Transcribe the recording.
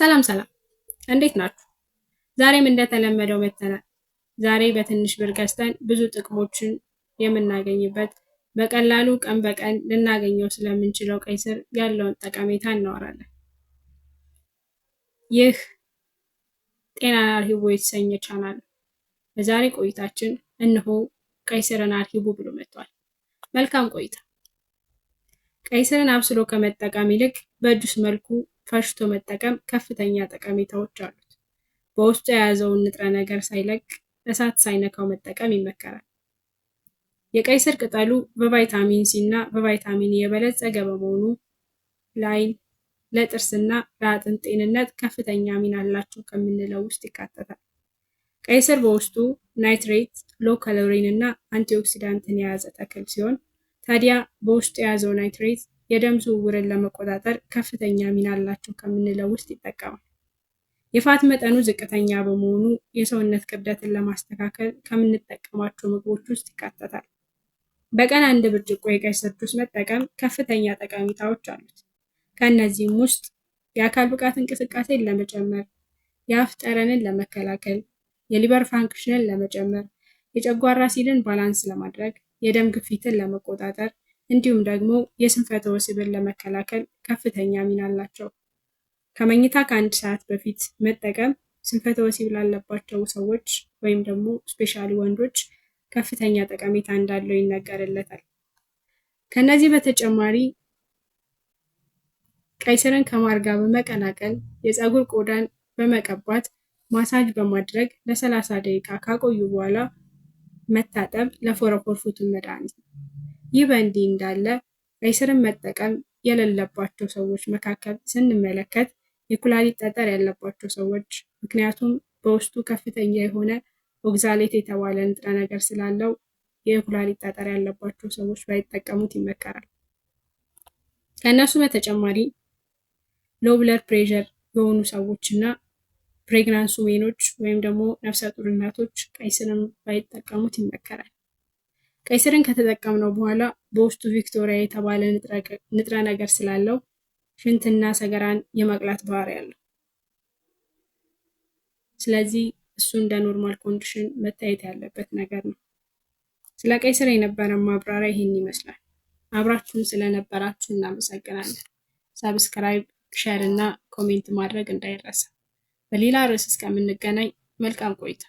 ሰላም ሰላም፣ እንዴት ናችሁ? ዛሬም እንደተለመደው መተናል። ዛሬ በትንሽ ብር ገዝተን ብዙ ጥቅሞችን የምናገኝበት በቀላሉ ቀን በቀን ልናገኘው ስለምንችለው ቀይ ስር ያለውን ጠቀሜታ እናወራለን። ይህ ጤና አርሂቡ የተሰኘ ቻናል በዛሬ ቆይታችን እነሆ ቀይ ስርን አርሂቡ ብሎ መጥቷል። መልካም ቆይታ። ቀይ ስርን አብስሎ ከመጠቀም ይልቅ በጁስ መልኩ ፈሽቶ መጠቀም ከፍተኛ ጠቀሜታዎች አሉት። በውስጡ የያዘውን ንጥረ ነገር ሳይለቅ እሳት ሳይነካው መጠቀም ይመከራል። የቀይ ስር ቅጠሉ በቫይታሚን ሲ እና በቫይታሚን የበለጸገ በመሆኑ ለዓይን፣ ለጥርስና ለአጥንት ጤንነት ከፍተኛ ሚና አላቸው ከምንለው ውስጥ ይካተታል። ቀይ ስር በውስጡ ናይትሬት፣ ሎ ካሎሪን እና አንቲኦክሲዳንትን የያዘ ተክል ሲሆን ታዲያ በውስጡ የያዘው ናይትሬት የደም ዝውውርን ለመቆጣጠር ከፍተኛ ሚና አላቸው ከምንለው ውስጥ ይጠቀማል። የፋት መጠኑ ዝቅተኛ በመሆኑ የሰውነት ክብደትን ለማስተካከል ከምንጠቀማቸው ምግቦች ውስጥ ይካተታል። በቀን አንድ ብርጭቆ የቀይ ስር ጁስ መጠቀም ከፍተኛ ጠቀሜታዎች አሉት። ከእነዚህም ውስጥ የአካል ብቃት እንቅስቃሴን ለመጨመር፣ የአፍ ጠረንን ለመከላከል፣ የሊበር ፋንክሽንን ለመጨመር፣ የጨጓራ ሲልን ባላንስ ለማድረግ፣ የደም ግፊትን ለመቆጣጠር፣ እንዲሁም ደግሞ የስንፈተ ወሲብን ለመከላከል ከፍተኛ ሚና አላቸው። ከመኝታ ከአንድ ሰዓት በፊት መጠቀም ስንፈተ ወሲብ ላለባቸው ሰዎች ወይም ደግሞ ስፔሻሊ ወንዶች ከፍተኛ ጠቀሜታ እንዳለው ይነገርለታል። ከነዚህ በተጨማሪ ቀይ ስርን ከማር ጋር በመቀላቀል የፀጉር ቆዳን በመቀባት ማሳጅ በማድረግ ለ30 ደቂቃ ካቆዩ በኋላ መታጠብ ለፎረፎር ፉቱን መድኃኒት ነው። ይህ በእንዲህ እንዳለ ቀይስርን መጠቀም የሌለባቸው ሰዎች መካከል ስንመለከት የኩላሊት ጠጠር ያለባቸው ሰዎች ምክንያቱም በውስጡ ከፍተኛ የሆነ ኦግዛሌት የተባለ ንጥረ ነገር ስላለው የኩላሊት ጠጠር ያለባቸው ሰዎች ባይጠቀሙት ይመከራል። ከእነሱ በተጨማሪ ሎው ብለድ የሆኑ ሰዎች እና ፕሬግናንስ ዌኖች ወይም ደግሞ ነፍሰ ጡር እናቶች ቀይ ስርን ባይጠቀሙት ይመከራል። ቀይ ስርን ከተጠቀምነው በኋላ በውስጡ ቪክቶሪያ የተባለ ንጥረ ነገር ስላለው ሽንትና ሰገራን የመቅላት ባህሪ አለው። ስለዚህ እሱ እንደ ኖርማል ኮንዲሽን መታየት ያለበት ነገር ነው። ስለ ቀይ ስር የነበረን ማብራሪያ ይህን ይመስላል። አብራችሁን ስለነበራችሁ እናመሰግናለን። ሰብስክራይብ፣ ሼር እና ኮሜንት ማድረግ እንዳይረሳ። በሌላ ርዕስ እስከምንገናኝ መልካም ቆይታ